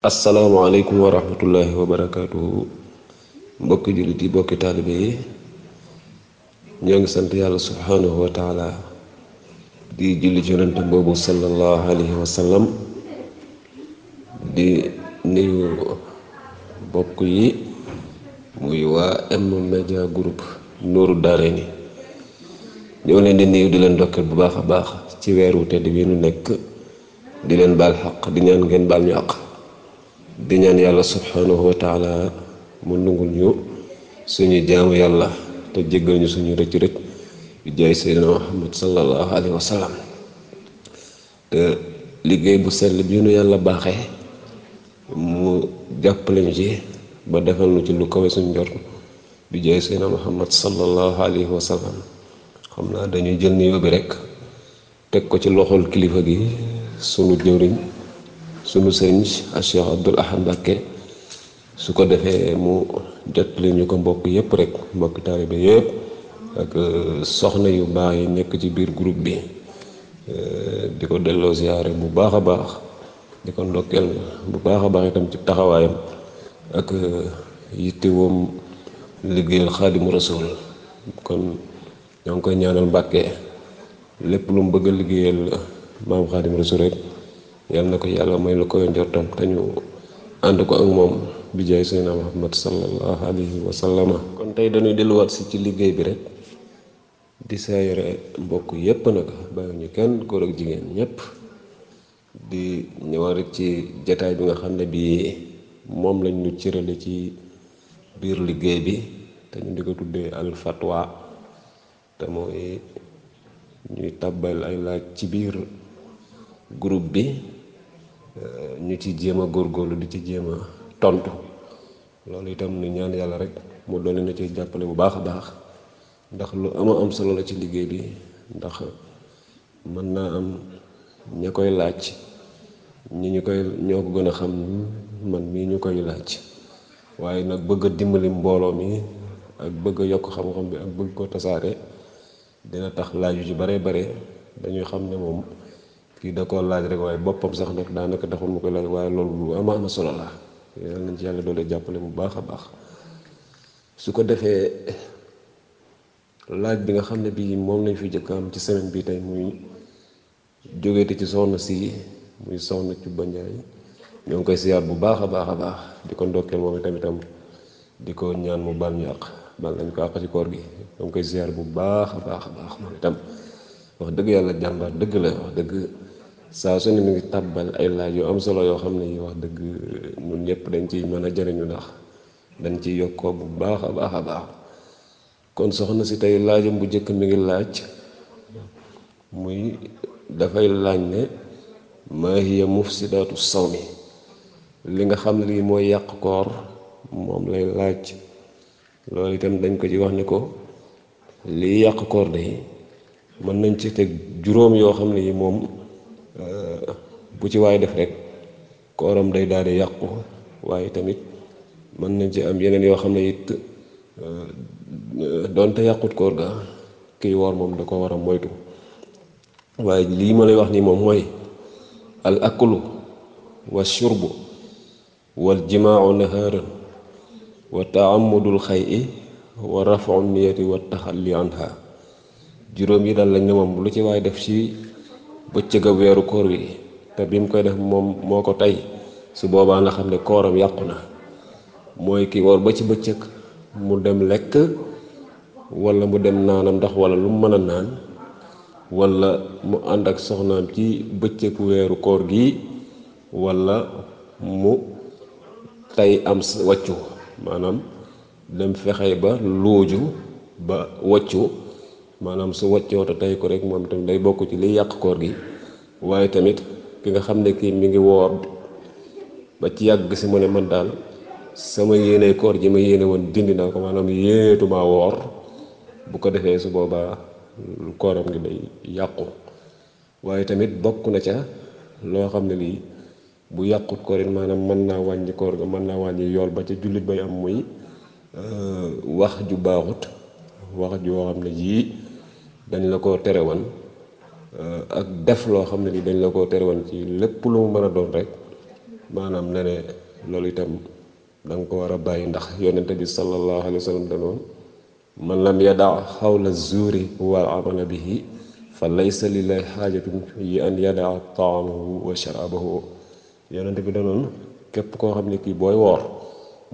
asalaamaaleykum wa rahmatullahi wa barakaatu mbokki jullit yi mbokki taalibe yi ñoo ngi sant yàlla subhaanahu wa taala di julli ci yonente boobu wa sallam di nuyu mbokk yi muy waa M-Media Group Nuuru Daarayni ñoo leen di nuyu di leen dokkeel bu baax a baax ci weer wu tedd bi nekk di leen baal xaq di ñaan ngeen baal ñu àq di ñaan yàlla subhanahu wa taala mu nungul ñu suñu jaamu yàlla te jéggal ñu suñu rëcc rëcc bi jaay seydina muhammad sallallahu alayhi wa te liggéey bu sell bi ñu yàlla baaxee mu jàppale ñu ci ba defal ñu ci lu kawe suñu njort bi jaay seydina muhammad sallallahu alayhi wa xam naa dañuy jël nuyoo bi rek teg ko ci loxol kilifa gi sunu jëwriñ sunu sëriñ Cheikh Abdoul Ahad Mbacké su ko defee mu jot li ko mbokk yépp rek mbokk taalibe yépp ak euh, soxna yu baax yi nekk ci biir group bi euh, di ko delloo ziyaare bu baax a baax di ko ndokkeel bu baax a baax itam ci taxawaayam ak euh, yittewoom liggéeyal xaadimu rasul kon ñoo ngi koy ñaanal Mbàkke lépp lu mu bëgg a liggéeyal maam xaadim rasul rek yàlla na ko yàlla may lu koy njortam te ñu ànd ko ak moom bi jaay Seydina Muhammad sallallahu alayhi wa kon tey dañuy delluwaat si ci liggéey bi rek di saa yore mbokk yépp nag bàyyiwuñu kenn góor ak jigéen ñépp di ñëwaat ci jataay bi nga xam ne bii moom lañ ñu cërale ci biir liggéey bi te ñu di ko tuddee al fatwa te mooy ñuy tàbbal ay laaj ci biir groupe bi ñu euh, ci jéem a góorlu di ci jéem a tontu loolu itam ni ñaan yàlla rek mu doole na ci jàppale bu baax a baax ndax lu ama am solo la ci liggéey bi ndax mën naa am ña koy laaj ñi ñu koy ñoo ko gën a xam man mii ñu koy laaj waaye nag bëgg dimbali mbooloo mi ak bëgg a yokk xam-xam bi ak bëgg koo tasaare dina tax laaj yu ci bare bare dañuy xam ne moom kii da koo laaj rek waaye boppam sax nag daanaka taxul mu koy laaj waaye loolu lu ama ama solo la yal nañ ci yàlla doole jàppale bu baax a baax su ko defee laaj bi nga xam ne bii moom lañ fi jëkk am ci semaine bii tey muy jógete ci soxna si muy soxna ci banjaay ñoo ngi koy siyaar bu baax a baax a baax di ko ndokkeel moom itamitam di ko ñaan mu baal ñu àq baal nañ ko àq ci koor gi ñoo ngi koy siyaar bu baax a baax a baax moom itam yàlla jàmbaar saa su ne mi ngi tàbbal ay laaj yu am solo yoo xam ne yi wax dëgg ñun ñëpp dañ ciy mën a jariñu ndax dañ ciy yokkoo bu baax a baax a baax kon soxna si tey laajam bu njëkk mi ngi laaj muy dafay laaj ne maa hiya mufsidaatu mi li nga xam lii mooy yàq koor moom lay laaj loolu itam dañ ko ci wax ne ko lii yàq koor de mën nañ ci teg juróom yoo xam ne yi moom bu ci waay def rek kooram day daal yàqu waaye tamit mën nañ ci am yeneen yoo xam ne it euh, doonte yàqut koor ga kiy woor moom da ko war a moytu waaye lii ma lay wax nii moom mooy al aklu wa shurbu wal jimaau nahaaran wa taamudul xay wa rafaul niyati wa taxalli anha juróom yi daal lañ ne moom lu ci waay def ci bëccëga weeru koor wi te bi mu koy def moom moo ko tey su boobaa nga xam ne kooram yàqu na mooy kii woor ba ci bëccëg mu dem lekk wala mu dem naanam ndax wala lu mu mën a naan wala mu ànd ak soxnaam ci bëccëgu weeru koor gi walla mu tey am wàccu maanaam dem fexe ba luuju ba wàccu maanaam su wàccoo tey ko rek moom tamit day bokk ci liy yàq koor gi waaye tamit ki nga xam ne kii mi ngi woor ba ci yàgg si mu ne man daal sama yéene koor ji ma yéene woon dindi naa ko maanaam yéeneetuma woor bu ko defee su boobaa kooram ngi day yàqu waaye tamit bokk na ca loo xam ne lii bu yàqut koor maanaam mën naa wàññi koor ga mën naa wàññi yool ba ca jullit bay am muy euh, wax ju baaxut wax joo xam ne jii dañ la ko tere woon Euh, ak def loo xam ne ni dañ la ko tere woon ci lépp lu mu mën a doon rek maanaam ne ne loolu itam danga ko war a bàyyi ndax yonente bi sallallahu alayhi wa sallam danoon man lam yadaa xawla zuuri wal amala bihi fa laysa lillahi xaajatun yi an yadaa taamahu wa sharabahu yonente bi danoon képp koo xam ne kii booy woor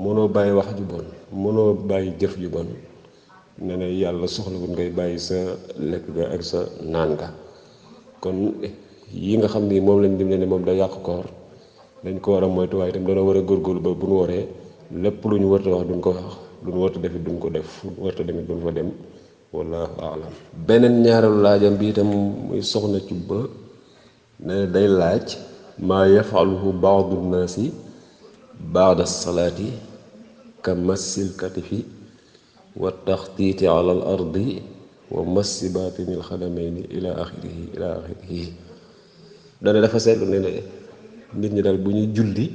mënoo bàyyi wax ju bon mënoo bàyyi jëf ju bon ne ne yàlla soxlawul ngay bàyyi sa lekk ga ak sa naan ga kon eh, yi nga xam ni moom lañ lim ne moom day yàq koor dañ ko war a moytu waaye itam dana war a góorgóorlu ba bu ñu waree lépp lu ñu warta wax duñ ko wax lu ñu warta defit duñ ko def fu warta demit duñ fa dem wallaahu alam beneen ñaareelu laajam bi itam muy soxna cubba ne day laaj maa yafaluhu baadu naasi baada salaati ka masil katifi wa tax ala al ardi wa massi baatinil xadamayni ila axirihi ila axirihi dana dafa seetlu ne ne nit ñi daal bu ñuy julli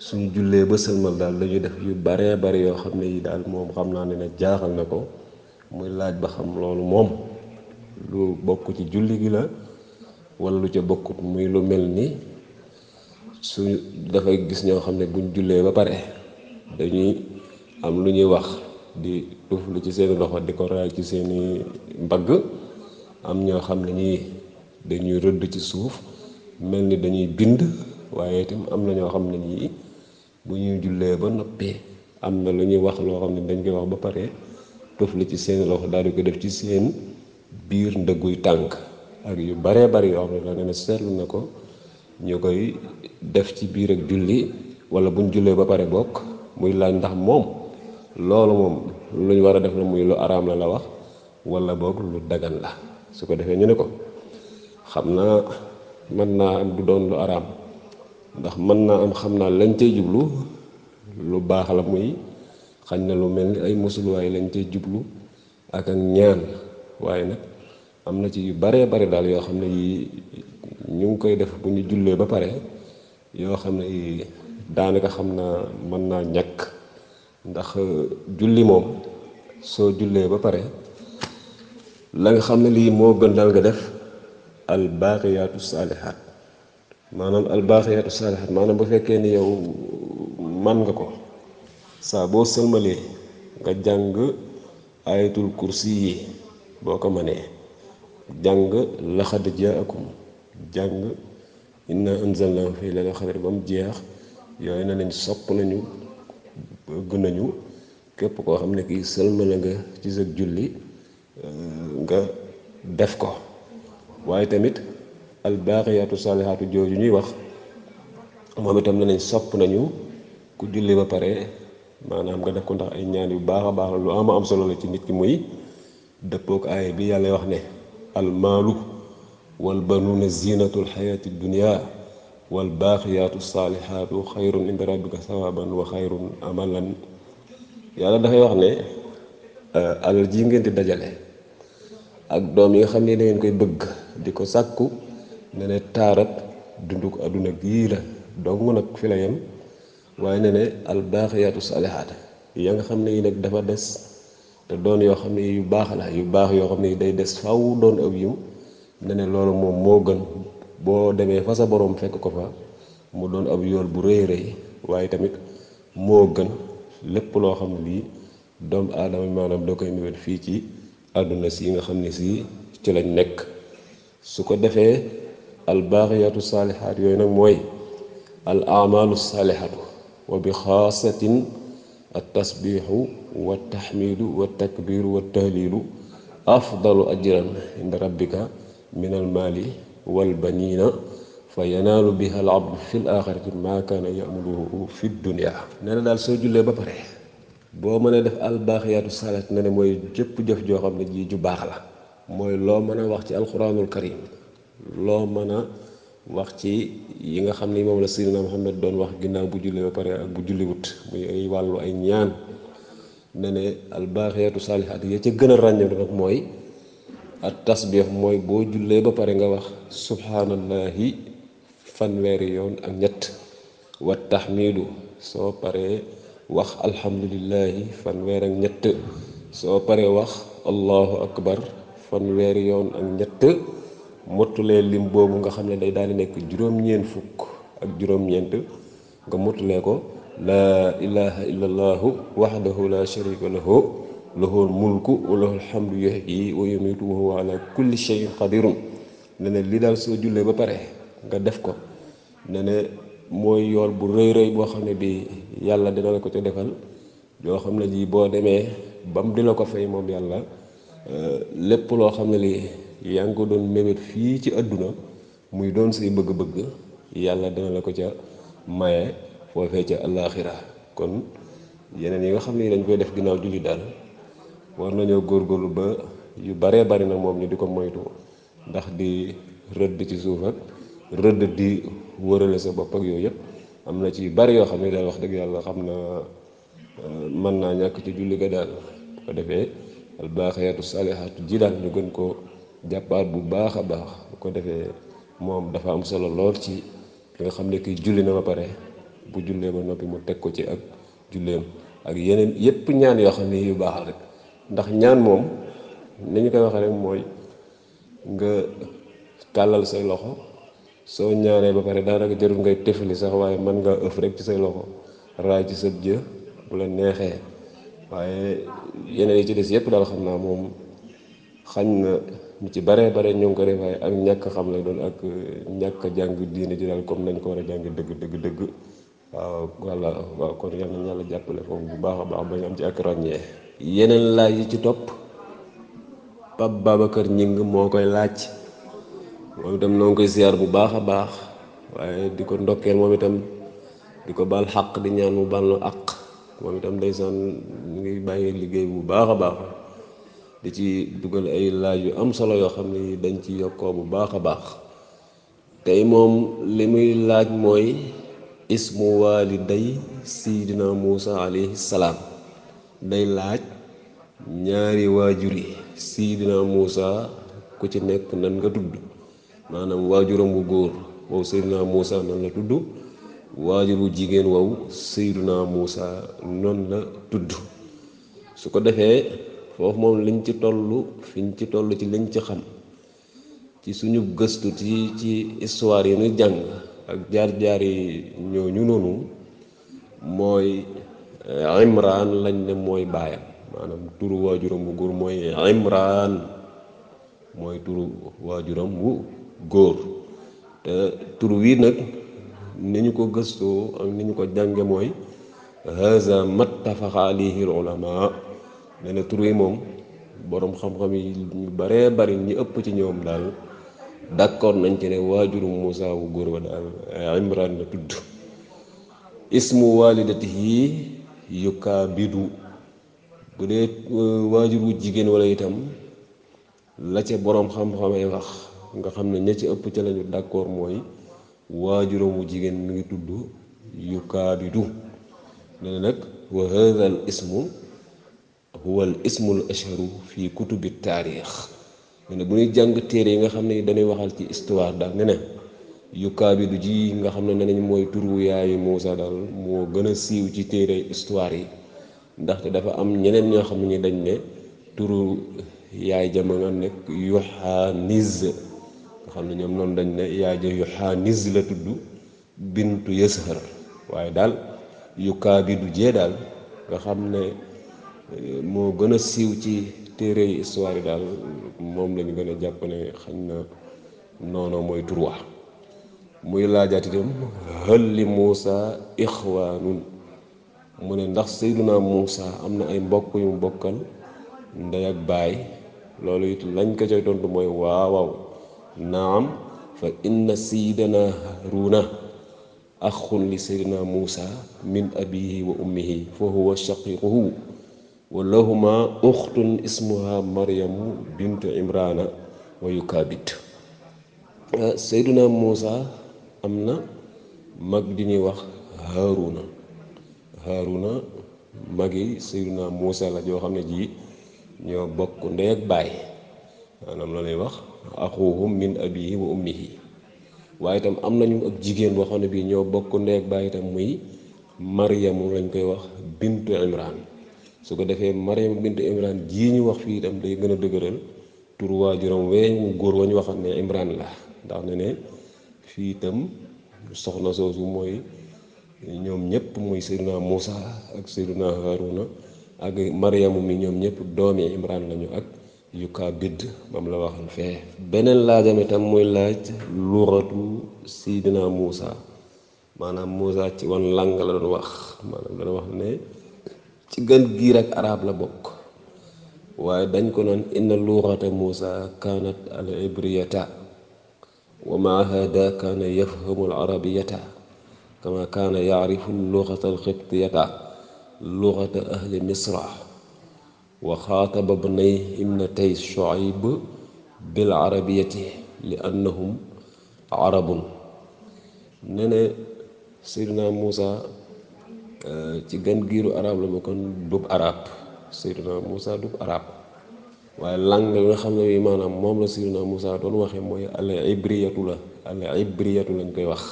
suñu jullee ba sëlmal daal dañuy def yu baree bari yoo xam ne yi daal moom xam naa ne ne jaaxal na ko muy laaj ba xam loolu moom lu bokk ci julli gi la wala lu ca bokkut muy lu mel ni su dafay gis ñoo xam ne buñ jullee ba pare dañuy am lu ñuy wax di tuflu ci seeni loxo di ko raay ci seeni mbagg am ñoo xam ne ñii dañuy rëdd ci suuf mel ni dañuy bind waaye itam am na ñoo xam ne ñii bu ñuy jullee ba noppee am na lu ñuy wax loo xam ne dañ koy wax ba pare tuflu ci seeni loxo daal di ko def ci seen biir ndëgguy tànk ak yu baree bari yoo xam ne da nga ne seetlu na ko ñu koy def ci biir ak julli wala buñ jullee ba pare bokk muy laaj ndax moom loolu moom lu war a def la muy lu araam la la wax wala boog lu dagan la su ko defee ñu ne ko xam naa mën naa am du doon lu araam ndax mën naa am xam naa lañ cay jublu lu baax la xañ na lu mel ni ay musuluwaay lañ cay jublu ak ak ñaan waaye nag am na ci yu baree bari daal yoo xam ne yii ñu ngi koy def bu ñu jullee ba pare yoo xam ne yii daanaka xam naa mën naa ñàkk ndax euh, julli moom soo jullee ba pare la nga xam na lii moo gën dal nga def albaaqiyaatu saalihaat maanaam albaaqiyaatu saalihaat maanaam ba fekkee ni yow man nga ko saa boo sëlmalee nga jàng ayatul kursi yi boo ko mënee jàng laxad jaakum jàng inna anzalnahu fi laylatil qadr ba mu jeex yooyu ne nañ sopp nañu gën nañu képp koo xam ne kii sëlmale nga ci sa julli euh, nga def ko waaye tamit albaaqiyaatu saalihaatu jooju ñuy wax moom itam ne nañ sopp nañu ku julli ba pare maanaam nga def ko ndax ay ñaan yu baax a baax la lu am am solo la ci nit ki muy dëppook aaya bi yàlla wax ne almaalu wal banuuna ziinatul xayaati dunia wal baaqiyaatu saalihaatu xayrun inda rabbika wax wa xayrun amalan yàlla dafay wax ne euh, alal ji ngeen di dajale ak doom yi nga xam ne da ngeen koy bëgg di ko sàkku ne ne taarat ko àdduna gii la dong nag fi la yem waaye ne ne al baaqiyaatu saalihaat ya nga xam ne yi nag dafa des te doon yoo xam ne yu baax la yu baax yoo xam ne day des faw doon aw yiw ne ne loolu moom moo gën boo demee fa sa boroom fekk ko fa mu doon ab yool bu rëy rëy waaye tamit moo gën lépp loo xam lii doomu aadama maanaam doo koy mébét fii ci àdduna si nga xam ne si ci lañ nekk su ko defee albaaxiyaatu saalihaat yooyu nag mooy al amaalu saalihaatu wa bi xaasatin al tasbiixu wa taxmiidu wa takbiiru wa tahliilu afdalu ajran inda rabbika min al maali walbaniina fa yanaalu biha al abdu fi l axirati maa kaana yamaluhu fi dunia nee na daal soo jullee ba pare boo mën mënee def albaaxiyaatu saalihaat ne ne mooy jëpp jëf joo xam ne ji ju baax la mooy loo mën a wax ci alquranul karim loo mën a wax ci yi nga xam ni moom la sayyidina Muhammad doon wax ginnaaw bu jullee ba pare ak bu julliwut muy ay wàllu ay ñaan ne ne albaaxiyaatu saalihaat ya ca gën a ràññeeku mooy ak tasbix mooy boo jullee ba pare nga wax subhaanallahi fanweeri yoon ak ñett wa taxmidu soo paree wax alhamdulillahi fanweer ak ñett soo paree wax allahu akbar fanweeri yoon ak ñett mottulee lim boobu nga xam ne day daal di nekk juróom-ñeent fukk ak juróom-ñeent nga mottulee ko laa ilaha illallahu wahdahu la sharika lahu lahul mulku wa lahul hamdu yuhyi wa yumiitu wa huwa ala kulli shay'in qadirun ne ne li daal soo jullee ba pare nga def ko ne ne mooy yool bu rëy rëy boo xam ne bii yàlla dina la ko ca defal yoo xam ne ji boo demee ba mu ko fay moom yàlla eh, lépp loo xam ne li yaa ngi ko doon mébét fii ci àdduna muy doon say bëgg-bëgg yàlla dina la ko ca maye foofee ca àllaaxira kon yeneen yi nga xam ne dañ koy def ginnaaw julli daal war nañoo góorlu ba yu baree bari nag moom ñu di ko moytu ndax di rëdd ci suuf ak rëdd di wërale sa bopp ak yooyu yëpp am na ci bari yoo xam ne daal wax dëgg yàlla xam na euh, mën naa ñàkk ci julli ga daal bu ko defee albaaxiyaatu ji daal ñu gën ko jàppaat bu baax a baax bu defee moom dafa am solo lool ci nga xam ne julli na ma pare bu jullee ba noppi mu teg ko ci ak julleem ak yeneen yépp ñaan yoo xam ne yu baax rek ndax ñaan moom ni ñu koy waxee rek mooy nga tàllal say loxo soo ñaanee ba pare daanaka jarul ngay tefali sax waaye mën nga ëf rek ci say loxo raay ci sa jë bu la neexee waaye yeneen yi ci des yëpp daal xam naa moom xañ na ñu ci baree bare ñu ngi ko def waaye ak ñàkk xam lay doon ak ñàkk jàng diine ci daal comme nañ ko war a jàng dëgg dëgg dëgg waaw walla waaw kon yal nañu yàlla jàppale foofu bu baax a baax ba ñu am ci ak ràññee yeneen laaj yi ci topp Pape Babacar Ñing moo koy laaj moom itam noo koy ziar bu baax a baax waaye di ko ndokkeel moom itam di ko baal xaq di ñaan mu baal nu àq moom liggéey bu baax a baax di ci dugal ay laaj yu am solo yoo xam ni dañ ci yokkoo bu baax a baax tey moom li muy laaj mooy ismu waaliday Seydina Muusa alayhi salaam day laaj ñaari waajur yi Seydina Muusa ku ci nekk nan nga tudd maanaam waajuram bu góor wow Seydina Muusa nan la tudd waajur bu jigéen wow Seydina Muusa noonu la tudd su ko defee foofu moom liñ ci tollu fiñ ci toll ci liñ ci xam ci suñu gëstu ci ci histoire yi ñu jàng ak jaar-jaar yi ñooñu noonu mooy Eh, imraan lañ ne mooy baayam maanaam turu waajuram bu góor mooy imraan mooy turu waajuram bu góor te turu wii nag ni ñu ko gëstoo ak ni ñu ko jànge mooy haza mattafaqa alayhi al tur yi moom boroom xam yi ñu baree bari ñi ëpp ci ñoom daal nañ ne waajuru Muusa wu góor wa daal Imraan la tudd ismu walidatihi yukkaa bidu bu dee euh, waajur wu jigéen wala itam la ca boroom xam-xamee wax nga xam ne ña ci ëpp ca lañu d'accord mooy waajuram wu jigéen mi ngi tudd yukkaa bidu nee nag wa hadha al ismu huwa al ismu al asharu fi kutubi taarix ne bu ñuy jàng téere yi nga xam ne dañuy waxal ci histoire daal ne ne du ji nga xam ne nañ mooy turu yaayu Muusa daal moo gën a siiw ci téere histoire yi ndaxte dafa am ñeneen ñoo xam ne dañ ne turu yaay ja ma nga nekk Yuxaaniz nga xam ne ñoom dañ ne yaay ja Yuxaaniz la tudd bintu Yashar waaye daal yukaabidu jee daal nga xam ne eh, moo gën a siiw ci téere histoire yi daal moom lañ gën a jàpp ne xañ na noonu mooy tur wax muy laajaat itam hal li Muusa ixwaanun mu ne ndax Seyduna Muusa am na ay mbokk yu mu bokkal ndey ak baay loolu it lañ ko cay tontu mooy waawaaw naam fa inna Seydina Haaruna axun li Seydina Muusa min abihi wa ummihi fa huwa shaqiiquhu wa lahuma uxtun ismuha maryamu bintu imrana wa yukaabit Seydina Muusa am na mag di ñuy wax Haaruna Haaruna mag yi Seydina Muusa la joo xam ne jii ñoo bokk ndey ak baay maanaam la lay wax axuhum yi abihi wa ummihi waaye itam am nañu ak jigéen boo xam ne bii ñoo bokk ndey ak baay itam muy maryamu lañ koy wax bintu imran su ko defee maryamu bintu imran jii ñu wax fii itam day gën a dëgëral tur waajuram weñ góor wañu waxam ne imran la ndax ne ne fii itam soxna soosu mooy ñoom ñëpp muy Seydina Moussa ak Seydina Haruna ak Maryamu mi ñoom ñëpp doomi Imran nañu ak yukaa bidd moom la waxal fee beneen laajam itam muy laaj luxatu Seydina muusa maanaam Moussa ci wan lang la doon wax maanaam doon wax ne ci gën giir ak arab la bokk waaye dañ ko naan inna luxata Moussa kanat al ibriyata wa maa hada kaana yafhamu alarabiyata kama kaana yaarifu luxata alxibtiyata luxata ahli misra wa xaataba bnay imnatay shuayb bil arabiyati li annahum arabun ne ne seydina muusa eh, ci gan giiru arab la ma kon dub arab seydina muusa dub arab waaye langue bi nga xam ne bi maanaam moom la Seydina Moussa doon waxee mooy al ibriyatu la al ibriyatu lañ koy wax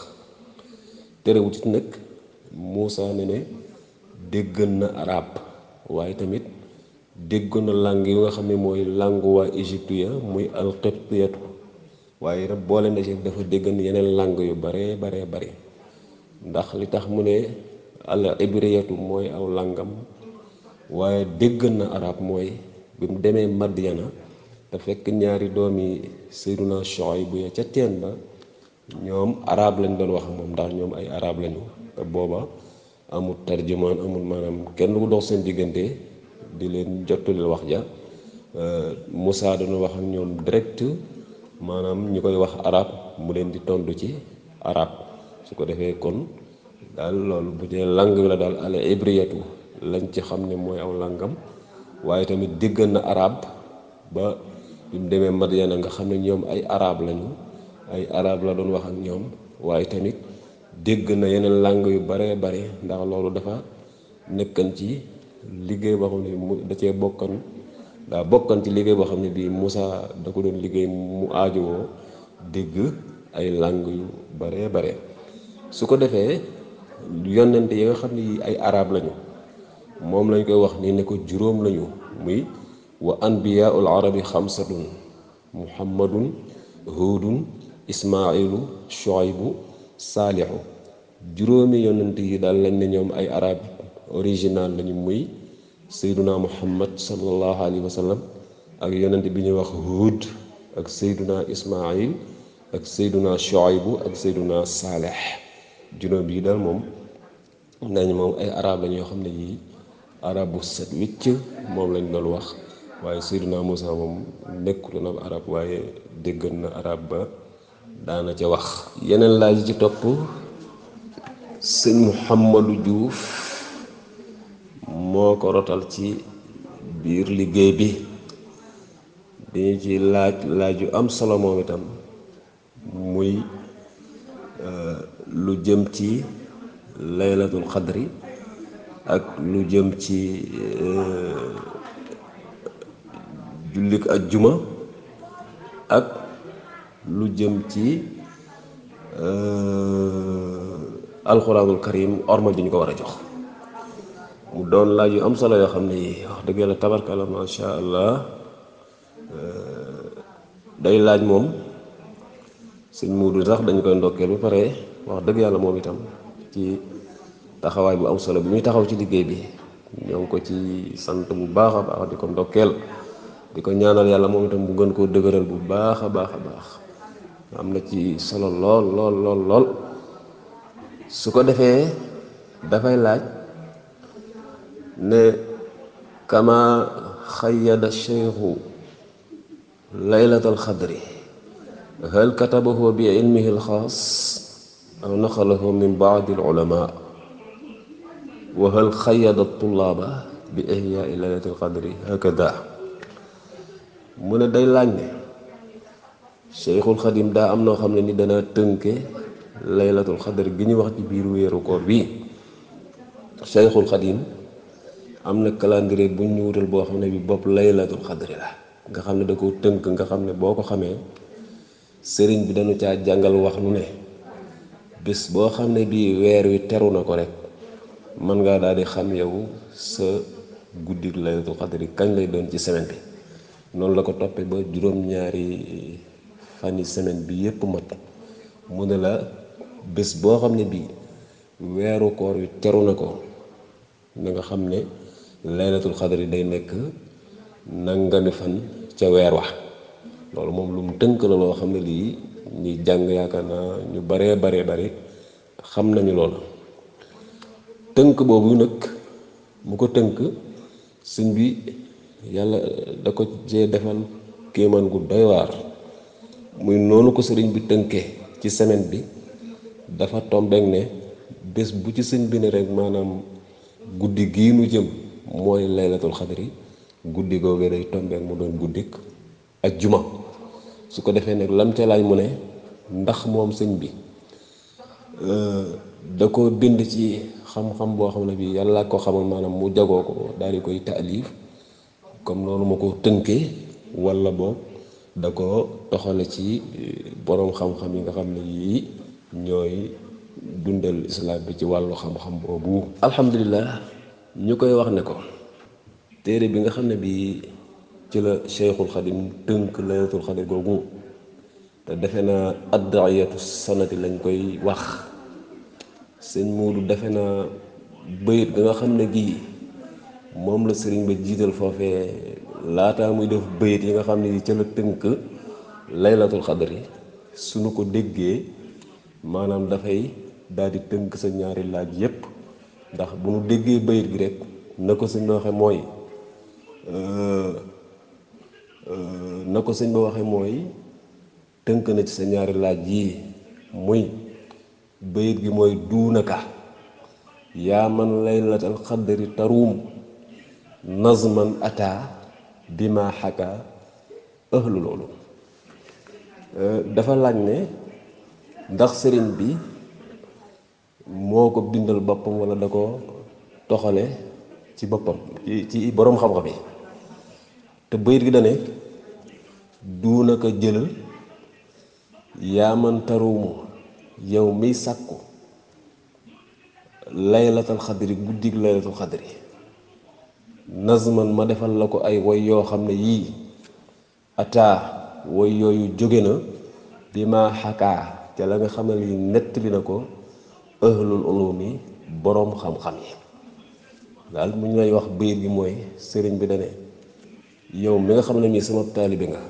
terewut it nag Moussa ne ne déggoon na arab waaye tamit déggoon na langue yu nga xam ne mooy langue waa Égypte ya muy alqibtiyatu waaye rek boole na dafa déggoon yeneen làng yu bare bare bare ndax li tax mu ne al ibriyatu mooy aw langam waaye déggoon na arab mooy bi mu demee Madyana te fekk ñaari doomi Seyduna Shuayb bu ya ca teen ba ñoom arab lañ doon wax moom ndax ñoom ay arab lañu te booba amul tarjumaan amul maanaam kenn ku dox seen diggante di leen jottali wax ja euh, Moussa doon wax ak ñoom direct maanaam ñu koy wax arab mu leen di tondu ci arab su ko defee kon daal loolu bu dee langue la daal al ibriyatu lañ ci xam ne mooy aw langam waaye tamit déggal na arab ba bi mu demee Madyana nga xam ne ñoom ay arab lañu ay arab la doon wax ak ñoom waaye tamit dégg na yeneen làng yu baree bare ndax loolu dafa nekkan ci liggéey boo xam ne mu da cee ci liggéey boo xam ne bii musaa da ko doon liggéey mu aajowoo dégg ay làng yu baree bare su ko defee yonente yi nga xam ne ay arab lañu moom lañ koy wax nii ne ko juróom lañu muy wa anbiyaul arabi xamsatun muhammadun hudun ismailu shuaybu saalixu juróomi yonent yi daal lañ ne ñoom ay arab original lañu muy seyduna muhammad sallallahu alayhi wa sallam ak yonent bi ñuy wax hud ak seyduna ismail ak seyduna shuaybu ak seyduna saalix juróom yi daal moom nañ moom ay arab lañu yoo xam ne yii arabu bu set wicc moom lañ doon wax waaye Seydina Moussa moom nekkutoon ab arab waaye déggan na arab ba daana ca wax yeneen laaj yu ci topp sëñ Mouhamadou juuf moo ko rotal ci biir liggéey bi dañu ci laaj laaj yu am solo moom itam muy euh, lu jëm ci laylatul xadri ak lu jëm ci ak euh, juma ak lu jëm ci euh, alxuraanul karim orma ji ñu ko war a jox mu doon laaj yu am solo yoo xam ne yi wax dëgg yàlla tabarkalla macha allah euh, day laaj moom sëñ muudu sax dañ koy ndokkeel ba pare wax dëgg yàlla moom itam ci taxawaay bu am solo bu ñuy taxaw ci liggéey bi ñoo ko ci sant bu baax a baax di ko ndokkeel di ko ñaanal yàlla moom itam bu gën koo dëgëral bu baax a baax a baax am na ci solo lool lool lool lool su ko defee dafay laaj ne kama xayyada cheikhu laylatal xadri hal katabahu bi ilmihi alxaas aw naqalahu min baadi alulama waxal xayada tullaaba bi ihyaa laylatil qadri hakada mu ne day laaj ne Cheikhul Xadim daa am noo xam ne ni dana tënke laylatul qadr gi ñu wax ci biiru wéeru koor bi Cheikhul Xadim am na calendrier bu ñu wutal boo xam ne bi bopp laylatul qadri la nga xam ne da ko tënk nga xam ne boo ko xamee sëriñ bi dañu caa jàngal wax nu ne bis boo xam ne bii weer wi teru na ko rek man ngaa daal di xam yow sa guddik laylatul xadri kañ lay doon ci semaine bi noonu la ko toppee ba juróom-ñaari fani semaine bi yépp mat mu ne la bés boo xam ne bii weeru koor yu teru na ko na nga xam ne laylatul xadri day nekk nangami fan ca weer wa loolu moom lu mu tënk la loo xam ne lii ñuy jàng yaakaar na ñu baree baree bare xam nañu loolu tënk boobu nag mu ko tënk sëñ bi yàlla da ko cee defal kéemaan gu doy waar muy noonu ko sëriñ bi tënkee ci semaine bi dafa tombeek ne bés bu ci sëñ bi ne rek maanaam guddi gii nu jëm mooy laylatul xadri guddi googee day tombeek mu doon guddik ak juma su ko defee nag lam ca mu ne ndax moom sëñ bi euh, da ko bind ci xam-xam boo xam ne bii yàlla ko xamul maanaam mu jagoo ko daal di koy taalif comme noonu ma ko tënkee walla boog da ko toxale ci eh, boroom xam-xam yi nga xam ne yii ñooy dundal islam bi ci wàllu xam-xam boobu. alhamdulilah ñu koy wax ne ko téere bi nga xam ne bii ci la Cheikhul Xadim tënk layatul xadir googu te defe naa addaayatu sanati lañ koy wax. sëñ Modou defe naa bayit ga nga xam ne gii moom la sëriñ ba jiital foofee laata muy def bayit yi nga xam ne ca la tënk laylatul xadri suñu ko déggee maanaam dafay daal di tënk sa ñaari laaj yépp ndax bu nu déggee bayit gi rek na ko sëñ ba waxe mooy euh, euh, na ko sëñ ba waxe mooy tënk na ci sa ñaari laaj yi muy bayit gi mooy duunaka yaa man laylatal xadri taruum nazman ataa bi ma xaka ëhlu loolu euh, dafa laaj ne ndax sëriñ bi moo ko bindal boppam wala da ko toxale ci boppam ci boroom xam-xam te bayit gi dane duunaka jëlal yaa man taruumu yow miy sàkku laylatal xadri guddig laylatul xadri nazman ma defal la ko ay woy yoo xam ne yii ataa woy yooyu jóge na bi ma xakaa ca la nga xamal yi nettali na ko ahlul mi boroom xam-xam yi daal mu ñu wax biir gi mooy sëriñ bi dane yow mi nga xam ne nii suma taalibe nga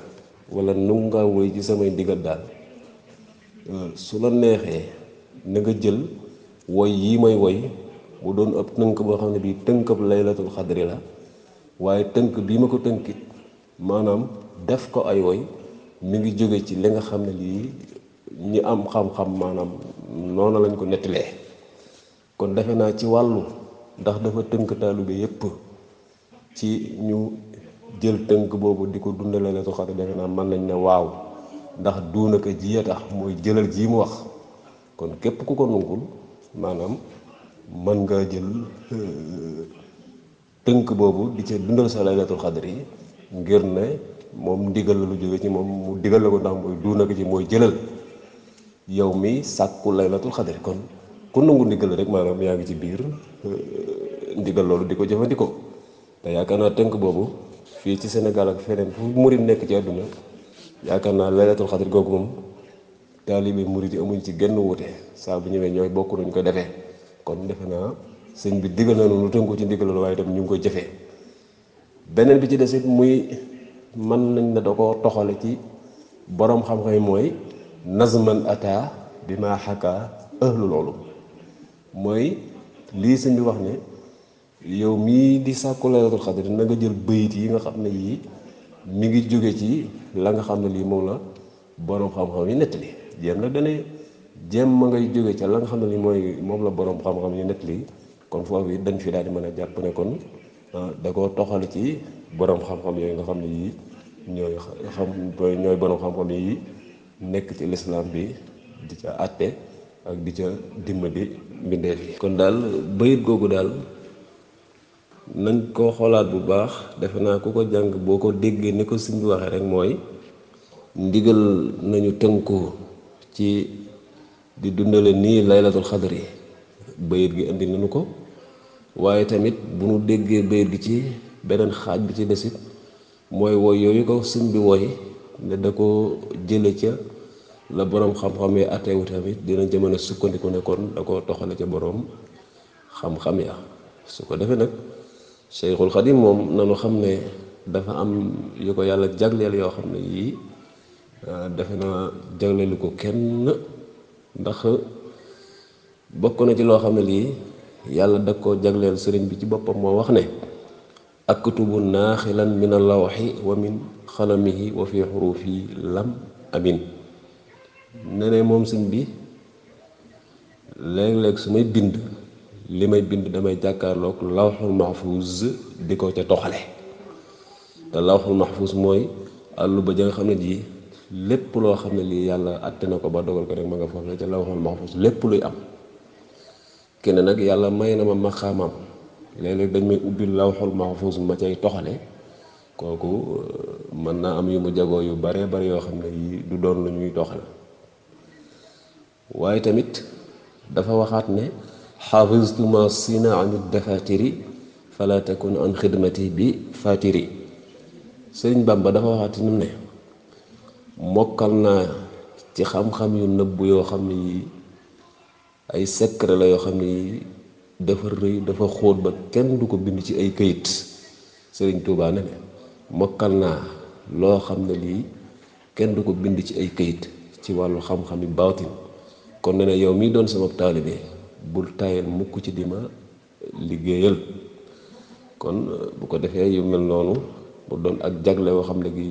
wala nu nga woy ci samay ndigal daal Euh, su la neexee na nga jël woy yii may woy mu doon ab tënk boo xam ne bii tënkab laylatul xadri la waaye tënk bii ma ko tënkit maanaam def ko ay woy mu ngi jóge ci li nga xam ne lii ñi am xam-xam maanaam noonu lañ ko nettalee kon defe naa ci wàllu ndax dafa tënk taalibe yépp ci ñu jël tënk boobu di ko dundale laylatul xadri defe naa man nañ ne waaw ndax duuna ko ji a mooy jëlal ji mu wax kon képp ku ko nungul maanaam mën nga jël euh, tënk boobu di ci dundal sa laylatul xadr yi ngir ne moom ndigal la lu jóge ci moom mu digal la ko ndax mooy duuna ko ci mooy jëlal yow mi sàkku laylatul xadr kon ku nangu ndigal rek maanaam yaa ngi ci biir euh, ndigal loolu di ko jëfandikoo te yaakaar naa tënk boobu fii ci Sénégal ak feneen fu murit nekk ci àdduna yaakaar naa laylatul xadr googu moom taalibe murit yi amuñ ci genn wuute saa bu ñëwee ñooy bokk nañ ko defee kon defe naa sëñ bi digal nañu lu tënku ci ndigal loolu waaye dem ñu ngi ko jëfee beneen bi ci des muy man nañ na da ko toxale ci boroom xam-xam yi mooy nazman ata bi ma xaka ëhlu loolu mooy lii sëñ bi wax ne yow mii di sàkku laylatul xadr na jël bëyit yi nga xam ne yii mi ngi jóge ci la nga xam ne lii moom la boroom xam-xam yi nettali jéem nag dane jéem ma ngay jóge ca la nga xam ne lii mooy moom la boroom xam-xam yi nettali kon foofu it dañ fi daal di mën a jàpp ne ah, da koo toxal ci boroom xam yooyu nga xam ne yii ñooy xam ñooy boroom xam nekk ci lislaam bi di ca àtte ak di ca dimbali mbindeef yi kon daal bayit googu daal nañ koo xoolaat bu baax defe naa ku ko jàng boo ko déggee ni ko sëñ bi waxee rek mooy ndigal nañu tënkoo ci di dundale nii laylatul xadr yi bayit gi indi nañu ko waaye tamit bu nu déggee bayit gi ci beneen xaaj bi ci desit mooy woy yooyu ko sëñ bi woy ne da ko jële ca la boroom xam-xam yi àtteewu tamit dina jëmën sukkandiku nekkoon kon da ko toxale ca boroom xam-xam ya su ko defee nag Cheikhul Xadim moom nanu xam ne dafa am yu ko yàlla jagleel yoo xam ne yii ah, defe na jagleelu ko kenn ndax bokk na ci loo xam ne lii yàlla dag koo jagleel sëriñ bi ci boppam moo wax ne aktubu naaxilan min allawxi wa min xalamihi wa fi xurufi lam amin ne moom sëñ bi léeg-léeg su may bind li may bind damay jàkkaarlook lawxul mahfuz di ko ca toxale te lawxul mahfuz mooy àllu ba ja xam ne ji lépp loo xam ne lii yàlla àtte na ko ba dogal ko rek ma nga foofu ca lawxul mahfuz lépp luy am kenn nag yàlla may na ma maqaamam léeg-léeg dañ may ubbi lawxul mahfuz ma cay toxale kooku euh, mën naa am yu mu jagoo yu bare bare yoo xam ne yi du doon lu ñuy toxal waaye tamit dafa waxaat ne xafiztu ma sina an dafatiri fala takun an xidmati bi fatiri sëriñ Bàmba dafa waxaati ni mu ne mokkal naa ci xam-xam yu nëbb yoo xam ne yi ay secret la yoo xam ne yi dafa rëy dafa xóot ba kenn du ko bind ci ay këyit sëriñ Tuubaa ne ne mokkal naa loo xam ne lii kenn du ko bind ci ay këyit ci wàllu xam-xami baatin kon ne ne yow mii doon sama taalibe bul tayal mukk ci di ma liggéeyal kon euh, bu ko defee yu mel noonu mu doon ak jagle woo xam ne gi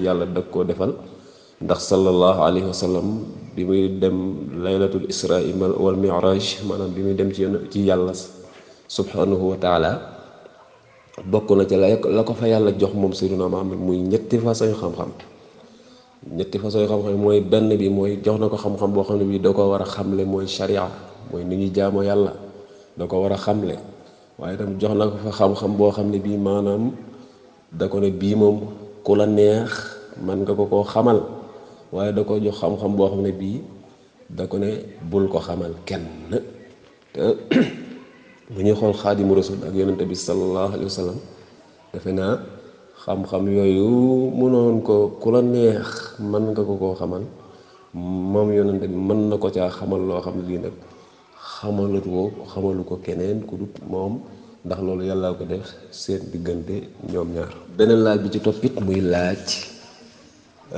yàlla dag koo defal ndax sallallahu alayhi wa bi muy dem laylatul israa wal maanaam bi muy dem ci ci yàlla subhanahu wa taala bokk na ci la ko fa yàlla jox moom Seydina Muhammad muy ñetti façon xam-xam ñetti façon xam mooy benn bi mooy jox na ko xam-xam boo xam ne bii doo ko war a xamle mooy sharia mooy ni ñuy jaamoo yàlla da ko war a xamle waaye itam jox na ko boo xam ne bii maanaam da ko bii moom ku neex man nga ko koo xamal waaye da ko jox xam-xam boo xam ne bii da ko ne bul ko xamal kenn te bu ñuy xool xaadimu rasul ak yonente bi sallallahu alayhi defe naa xam-xam yooyu mënoon ko ku neex mën nga ko koo xamal moom yonente bi mën na ko ca xamal loo xam ne lii nag xamalut ko xamalu ko keneen ku dut moom ndax loolu yàllaa ko def seen diggante ñoom ñaar beneen laaj bi ci toppit muy laaj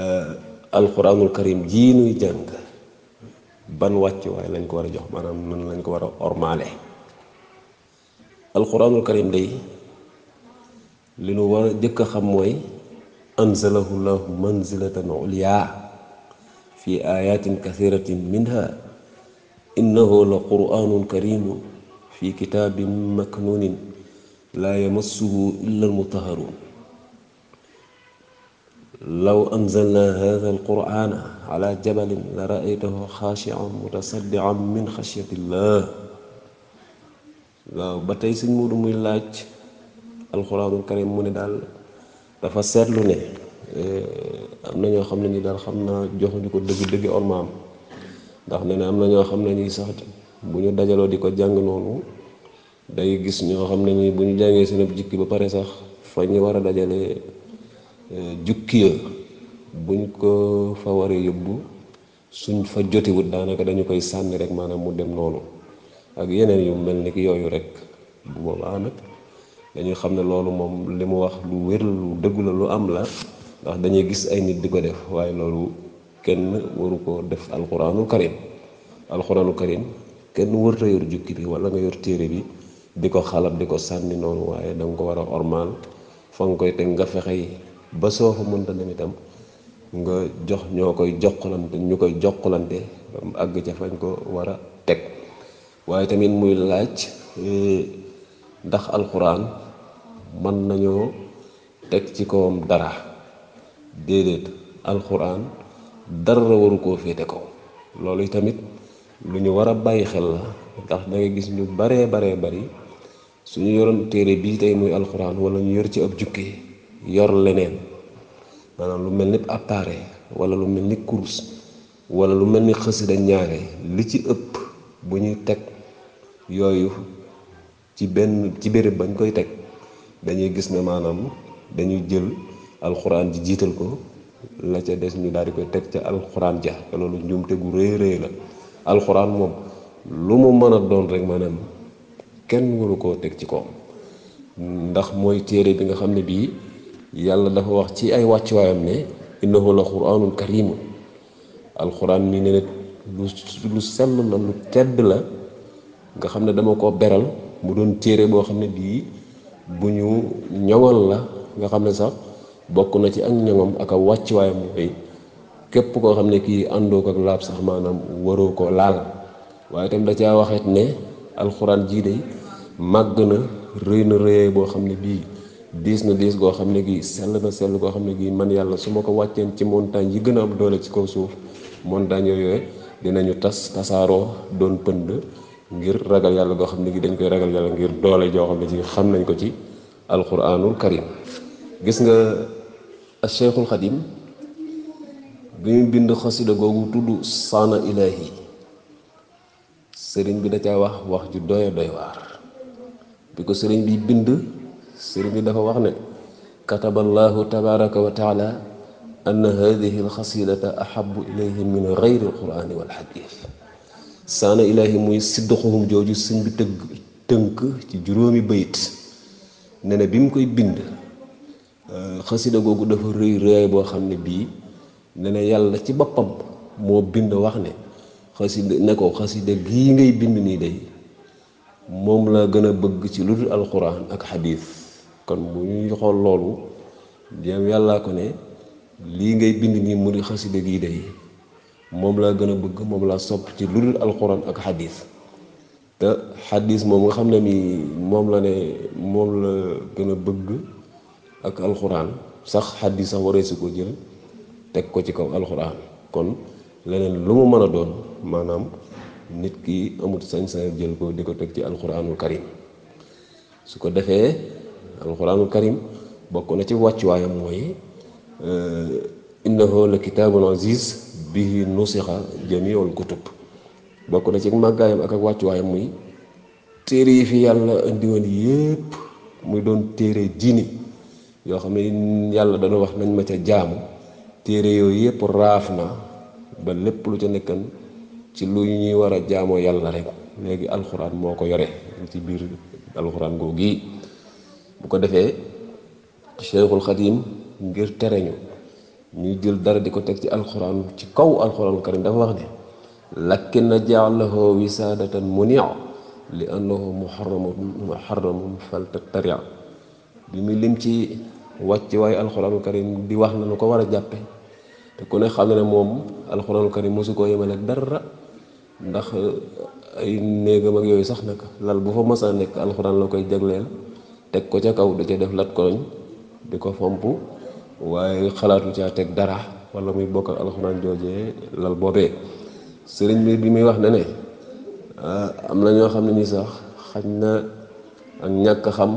eh, alxuraanul karim jii nuy jàng ban wàcc waaye lañ ko war a jox maanaam nan lañ ko war a ormaale alxuraanul karim day li nu war a jëkk a xam mooy anzalahu llahu manzilatan ulyaa fi ayatin kathiratin minha innahu la quraanun karimun fi kitaabin maknuunin laa yamassuhu illa almutahharuun law anzalna hadha alqur'ana ala jabalin la ra'aytahu xaashi'an mutasaddi'an min xashyati llah waaw ba tey sëñ Moodu muy laaj alquraanul karim mu ne daal dafa seetlu ne eh, am na ñoo xam ne ni daal xam naa joxuñu ko dëgg-dëgg ormaam ndax ne na am na ñoo xam ne nii sax bu ñu dajaloo di ko jàng noonu day gis ñoo xam ne nii bu ñu jàngee seen jukki ba pare sax fa ñu war a dajale eh, jukki ya buñ ko fa waree yóbbu suñ fa jotiwut daanaka dañu koy sànni rek maanaam mu dem noonu ak yeneen yu mel ni ki yooyu rek bu boobaa nag dañuy xam ne loolu moom li mu wax lu wér lu dëggu la lu am la ndax dañuy gis ay nit di ko def waaye loolu. kenn waru koo def alxuraanul karim alxuraanul karim kenn wërta yor jukki bi wala nga yor téere bi di ko xalab di ko sànni noonu waaye danga ko war a ormaal fa nga koy teg nga fexey ba soo fa mënta dem nga jox ñoo koy jokkalante ñu koy jokkalante àgg ca fañ war a teg waaye tamit muy laaj eh, ndax alxuraan mën nañoo teg ci kawam dara déedéet alxuraan dara waru koo féete ko loolu tamit lu ñu war a bàyyi xel la ndax da nga gis ñu baree baree bari suñu yoroon téere bii tey muy alxuraan wala ñu yor ci ab jukki yor leneen maanaam lu mel ni appareil wala lu mel ni kurus wala lu mel ni xasida ñaare li ci ëpp bu ñuy teg yooyu ci benn ci béréb bañ koy teg dañuy gis ne maanaam dañuy jël alxuraan ji jiital ko la ca des ñu daal di koy teg ca alxuraan ja te loolu njuumte gu rëy rëy la alxuraan moom lu mu mën a doon rek maanaam kenn waru koo teg ci koom ndax mooy téere bi nga xam ne bii yàlla dafa wax ci ay wàccuwaayam ne innahu la quraanul karim alxuraan mi ne lu lu sell la lu tedd la nga xam ne dama ko beral mu doon téere boo xam ne bii bu ñu ñoŋal la nga xam ne sax bokk na ci ak ñoŋam ak a wàccuwaayam mooy képp koo xam ne kii àndoo ko ak laa sax maanaam waroo ko laal waaye itam da caa waxet ne alxuraan jii de màgg na rëy na rëyee boo xam ne bii diis na diis goo xam ne gii sell na sell goo xam ne gii man yàlla su ma ko wàcceen ci montagne yi gën a am doole ci kaw suuf montagne yooyu dinañu tas tasaaroo doon pënd ngir ragal yàlla goo xam ne gi dañ koy ragal yàlla ngir doole joo xam ne ci xam nañ ko ci alxuraanul karim gis nga Cheikhul Xadim bi mu bind xasida googu tudd saana ilaahi sëriñ bi da ca wax wax ju doy doy bi ko sëriñ bi bind sëriñ bi dafa wax ne kataballaahu tabaaraka wa taala ann hadihi alxasidata ahabu ilayhi min geyri alqurani walxadis saana ilaahi muy siddoxuhum jooju sëñ tëgg tënk ci juróomi bayit ne na bi mu koy bind Euh, xasida googu dafa rëy rëyaay boo xam ne bii ne na yàlla ci boppam moo bind wax ne xasida ne ko xasida gii ngay bind nii day moom la gën a bëgg ci lu alxuraan ak xadiis kon bu xool loolu jéem yàllaa ko ne lii ngay bind nii mu di xasida gii day moom laa gën a bëgg moom laa sopp ci lu dul alxuraan ak xadiis te xadiis moom nga xam ne nii moom la ne moom la gën a bëgg ak alxuraan sax xaddi sax waree su ko jël teg ko ci kaw alxuraan kon leneen lu mu mën a doon maanaam nit ki amut sañ-sañ jël ko di ko teg ci alxuraanul karim su ko defee alxuraanul karim bokk na ci wàccuwaayam mooy eh, innahu la kitaabun aziz bihi nusixa jamiul kutub bokk na ci màggaayam ak ak wàccuwaayam muy téere yi fi yàlla indiwoon yépp muy doon téere diini yoo xam ne yàlla dañu wax nañ ma ca jaamu téere yooyu yëpp raaf na ba lépp lu ca nekkan ci lu ñuy war a jaamoo yàlla rek léegi alxuraan moo ko yore ci biir alxuraan googu gii bu ko defee Cheikhul Xadim ngir tere ñu ñuy jël dara di ko teg ci alxuraan ci kaw alxuraanu karim dafa wax ne lakkin na jaalahu wisaadatan munia li annahu muharramun muharramun faltattaria bi mu lim ci wàcc waaye alxuraanul karim di wax na nu ko war a jàppe te ku ne xam ne ne moom alxuraanul karim mosu koo yemale dara ndax eh, ay néegam ak yooyu sax nag lal bu fa masa nekk alxuraan la koy jagleel teg ko ca kaw da ca def lat koloñ di ko fomp waaye xalaatu caa teg dara wala muy bokkal alxuraan joojee lal boobee sëriñ bi bi muy wax ne ne eh, am na ñoo xam ne ñi sax xaj na ak ñàkk xam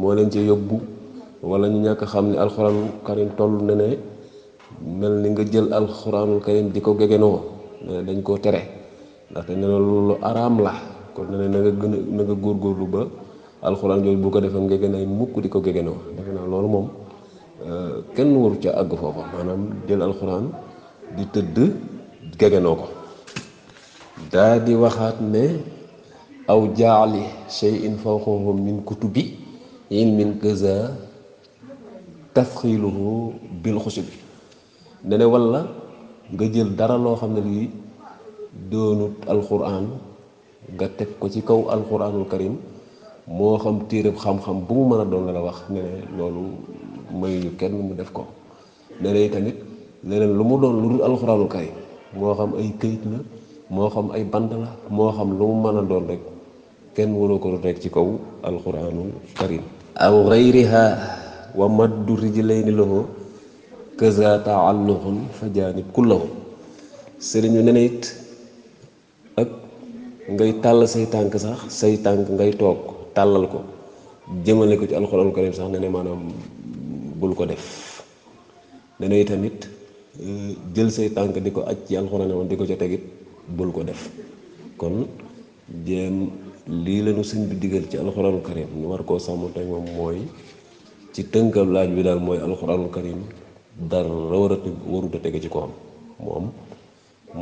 moo leen ci yóbbu wala ñu ñàkk xam ni alxuraanul karim toll na ne mel ni nga jël alxuraanul karim di ko gegenoo dañ koo tere ndaxte nee na loolu araam la kon ne na nga gën a na nga góorgóorlu ba alxuraan jooju bu ko defee nga gën a mukk di ko gegenoo defe loolu moom euh, kenn waru ca àgg maanaam jël alxuraan di tëdd gegenoo ko daa di waxaat ne aw jaali shay'in bi min kutubi ilmin tafxiluhu bil xusi bi ne ne walla nga jël dara loo xam ne lii doonut alxuraan nga teg ko ci kaw alxuraanul karim moo xam téere xam-xam bu mu mën a doon la wax ne loolu mayuñu kenn mu def ko ne ne tamit leneen lu mu doon lu dul alxuraanul karim moo xam ay këyit la moo xam ay bant la moo xam lu mu mën a doon rek kenn waroo ko rek ci kaw alxuraanul karim aw xayriha wa maddu rijlayni lahu kaza taalluqun fa jaanib kullahu sëriñ sëriñu nee na it ak ngay tàll say tànk sax say tànk ngay toog tàllal ko jëmale ko ci alxuraan karim sax nee na maanaam bul ko def nee na it eh, jël say tànk di ko aj ci alxuraan woon di ko ca tegit bul ko def kon jéem lii lañu sëñ bi digal ci alxuraanul karim ñu war koo sàmm tey moom mooy ci tënkal laaj bi daal mooy alxuraanul karim dara waratu warut a tege ci ko am moom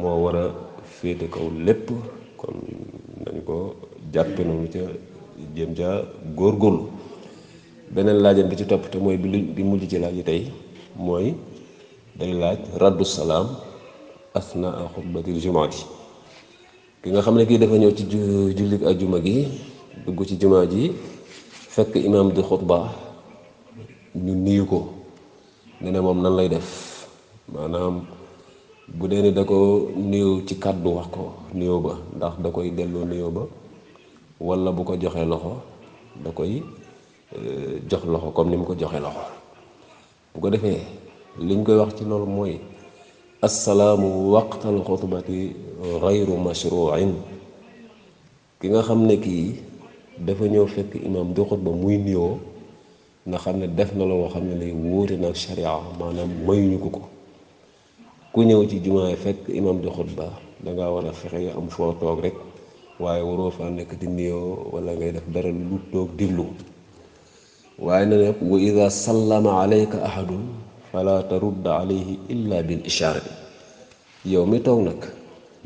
moo war a féete kaw lépp kon nañu ko jàppe noonu ca jéem caa góorgóorlu beneen laajam bi ci topp te mooy bi mujj ci laaj yi tey mooy day laaj raddu salaam asna a xutbatil jumaati ki nga xam ne kii dafa ñëw ci jullik ajjuma gi dugg ci jumaa ji fekk imaam di xutba ñu nuyu ko ne moom nan lay def maanaam bu dee ni da ko nuyu ci kàddu wax ko nuyoo ba ndax da koy delloo nuyoo ba walla bu ko joxee loxo da koy eh, jox loxo comme ni mu ko joxee loxo bu ko defee liñ koy wax ci loolu mooy assalaamu waqtal xutbati xayru mashruin ki nga xam ne kii dafa ñëw fekk imaam di xutba muy nuyoo nga xam ne def na la loo xam ne lay wóote nag sharia maanaam mayuñu ko ko ku ñëw ci jumaa yi fekk imam di xutba danga war a fexe nga am foo toog rek waaye waroo fa am nekk di nuyoo walla ngay def dara lu toog déglu waaye na nag wa ida sallama alayka ahadun fala tarudda alayhi illa bil ishaara yow mi toog nag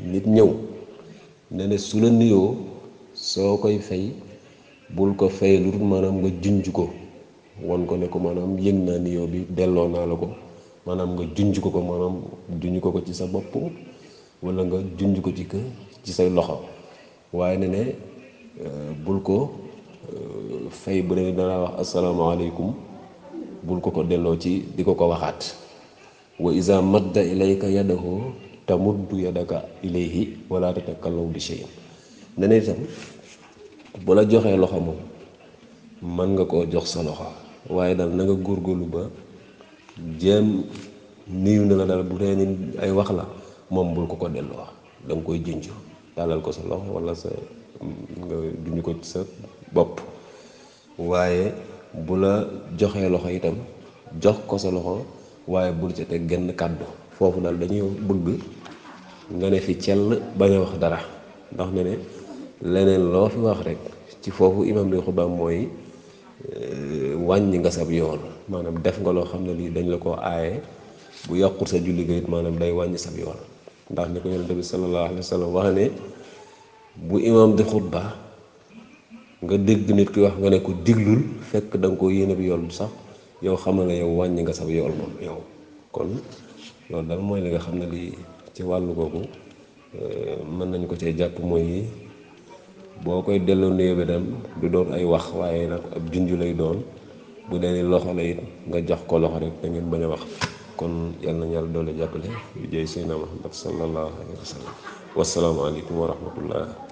nit ñëw ne ne su la nuyoo soo koy fay bul ko fay lu maanaam nga junj ko won ko ne ko maanaam yëg naa ni bi delloo naa la ko maanaam nga junj ko ko maanaam junj ko ko ci sa bopp wala nga junj ko ci kër ci say loxo waaye ne ne euh, bul ko euh, fay bu dee danaa wax asalaamaaleykum bul ko ko delloo ci di ko ko waxaat wa iza madda ilayka yadahu tamuddu yadaka ilayhi wala tatakallaw bi shay ne ne itam bu la joxee loxo moom mën nga koo jox sa loxo waaye daal na góor góorlu ba jéem nuyu na la daal bu dee ni ay wax la moom bul ko ko delloo da koy jënj tàllal ko sa loxo wala sa ko sa bopp waaye bu la loxo itam jox ko sa loxo waaye bul ca teg genn kàddu foofu daal dañuy bëgg nga ne fi cell bañ wax dara ndax ne ne leneen loo fi wax rek ci foofu imam bi xutbaam mooy Euh, wàññi nga sab yoon maanaam def nga loo xam ne lii dañ la ko aaye bu yàqul sa julli ga it maanaam day wàññi sab yoon ndax ni ko yonent bi sallallahu alayhi ne bu imaam di xutba nga dégg nit ki wax nga ne ko diglul fekk danga nga ko yéene bi yool sax yow xamal ne yow wàññi nga sab yool moom yow kon loolu daal mooy li nga xam ne lii ci wàllu googu euh, mën nañ ko cee jàpp mooy boo koy delloo nuyoo dem du doon ay wax waaye nag ab junj lay doon bu dee loxo la it nga jox ko loxo rek da bañ a wax kon yal na yàlla doole jàppale bi jëy Seydina Muhammad sallallahu alayhi wa sallam wasalaamaaleykum wa